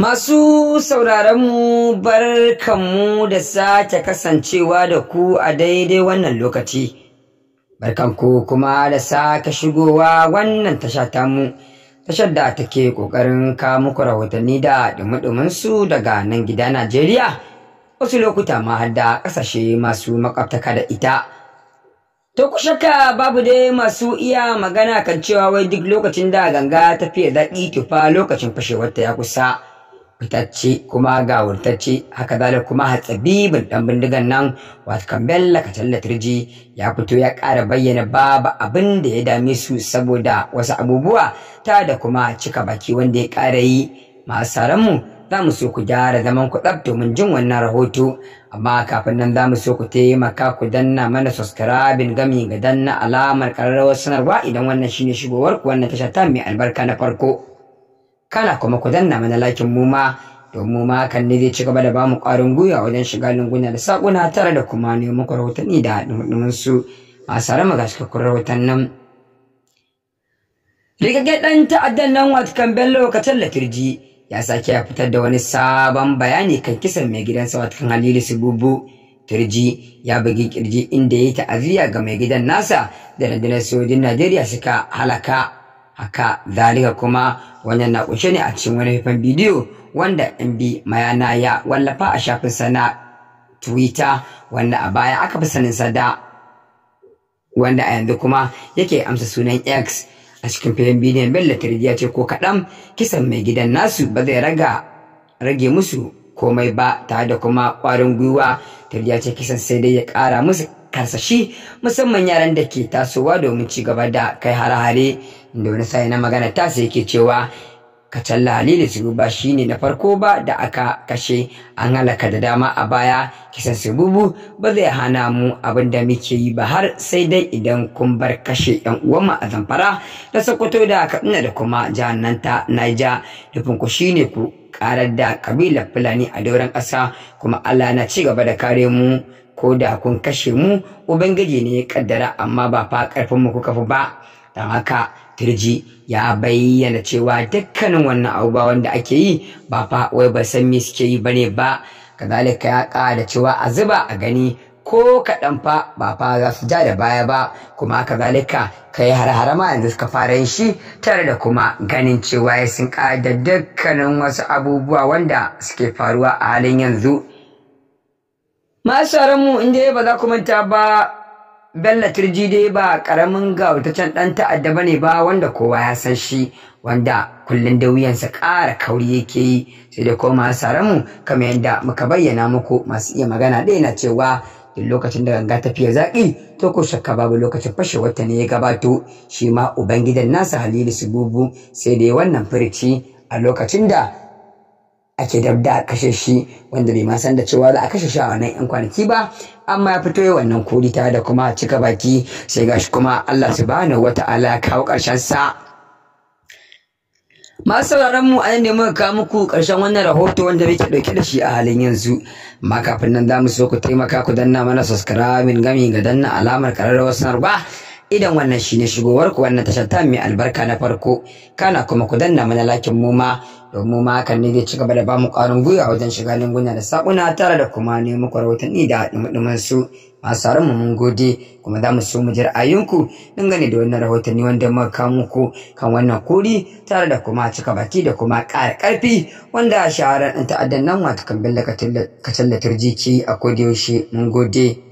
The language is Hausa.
Masu sauraronmu bar kanmu da sake kasancewa da ku a daidai wannan lokaci, barkanku kuma da sake shigowa wannan tasha tamu, tashar da take ƙoƙarin muku rahotanni da dumi daga nan gida Najeriya, wasu lokuta ma har da ƙasashe masu makwabtaka da ita. To ku shakka babu dai masu iya magana kan cewa wai duk lokacin da ganga ta fiye daɗi tufa lokacin fashewarta ya kusa. fitacce kuma ga wurtacce haka zalar kuma hatsabibin dan bindigan nan wato kan bella talla turji ya fito ya ƙara bayyana babu abin da ya dame su saboda wasu abubuwa ta da kuma cika baki wanda ya ƙara yi masu mu za mu so ku gyara zaman ku tsaf domin jin wannan rahoto amma kafin nan za mu so ku taimaka ku danna mana subscribing gami ga danna alamar ƙararrawar sanarwa idan wannan shine shigowar ku wannan tashar ta mai albarka na farko. kana kuma ku danna mana lakin mu ma domin mu ma hakan ne zai ci gaba da bamu ƙwarin gwiwa wajen shiga lunguna da sakuna tare da kuma neman muku rahotanni da haɗin su sare mu ga cikakkun rahoton nan. Rikage ɗan ta'addan nan wata kan bello lokacin latirji ya sake ya fitar da wani sabon bayani kan kisan mai gidansa wata kan Halilu Sububu. Turji ya bugi kirji inda ya yi ta'aziyya ga mai gidan nasa da rundunar sojin Najeriya suka halaka aka zalika kuma wannan na kunshe ne a cikin wani faifan bidiyo wanda mb mayana ya wallafa a shafin na twitter wanda a baya aka fi sanin sa da wanda a yanzu kuma yake amsa sunan x a cikin faifan bidiyon bello ya ce ko kaɗan kisan mai gidan nasu ba zai raga rage musu komai ba tare da kuma ƙwarin gwiwa ya ce kisan sai dai ya ƙara musu karsashi musamman yaran da ke tasowa domin ci gaba da kai hare-hare da wani sai na magana ta sai yake cewa Katalla halili Sububa shine na farko ba da aka kashe an halaka da dama a baya kisan Sububu ba zai hana mu abin da muke yi ba har sai dai idan kun bar kashe yan uwanmu a Zamfara da Sokoto da Katsina da kuma jihar nan ta Niger nufin ku shine ku karar da kabilar Fulani a doron ƙasa kuma Allah na ci gaba da kare mu ko da kun kashe mu Ubangiji ne ya kaddara amma ba fa ƙarfin mu kuka ba. don haka turji ya bayyana cewa dukkanin wannan abubuwa wanda ake yi ba fa wai ba san me suke yi bane ba kazalika ya ƙara cewa a zuba a gani ko kaɗan fa ba fa za su ja da baya ba kuma kazalika kai har ma yanzu suka fara yin shi tare da kuma ganin cewa ya sun da dukkanin wasu abubuwa wanda suke faruwa a halin yanzu masu mu inda ba za ku manta ba Bello Turji dai ba karamin can ɗan ta'adda bane ba wanda kowa ya san shi wanda kullum da wuyansa ƙara kauri yake yi sai da koma mu kamar yadda muka bayyana muku masu iya magana ɗaya na cewa duk lokacin da ganga tafiya zaƙi to ko shakka babu lokacin fashe wata ne ya gabato shi ma ubangidan nasa Halilu Sububu sai dai wannan firici a lokacin da ake dab da kashe shi wanda bai ma san da cewa za a kashe shi a wannan yan kwanaki ba amma ya fito yi wannan kurita da kuma cika baki sai gashi kuma Allah subhanahu wata'ala ya kawo ƙarshen sa masu sauraron mu an ne muka kawo muku ƙarshen wannan rahoto wanda muke ɗauke da shi a halin yanzu ma kafin nan za mu so ku taimaka ku danna mana subscribe gami ga danna alamar ƙararrawar sanarwa idan wannan shine shigowar ku wannan tashar ta mai albarka na farko kana kuma ku danna mana lakin mu ma domin ma ne zai ci gaba da bamu ƙarin gwiwa wajen shiga linguna da saƙuna tare da kuma ne muku rahotanni da ɗumuɗumin su masu mu mun gode kuma za mu so mu ji ra'ayinku dangane da wannan rahotanni wanda muka kawo muku kan wannan kuri tare da kuma cika baki da kuma ƙara ƙarfi wanda shahararren ta'addan nan wato kan billa kacallatar jiki a kodiyoshi mun gode.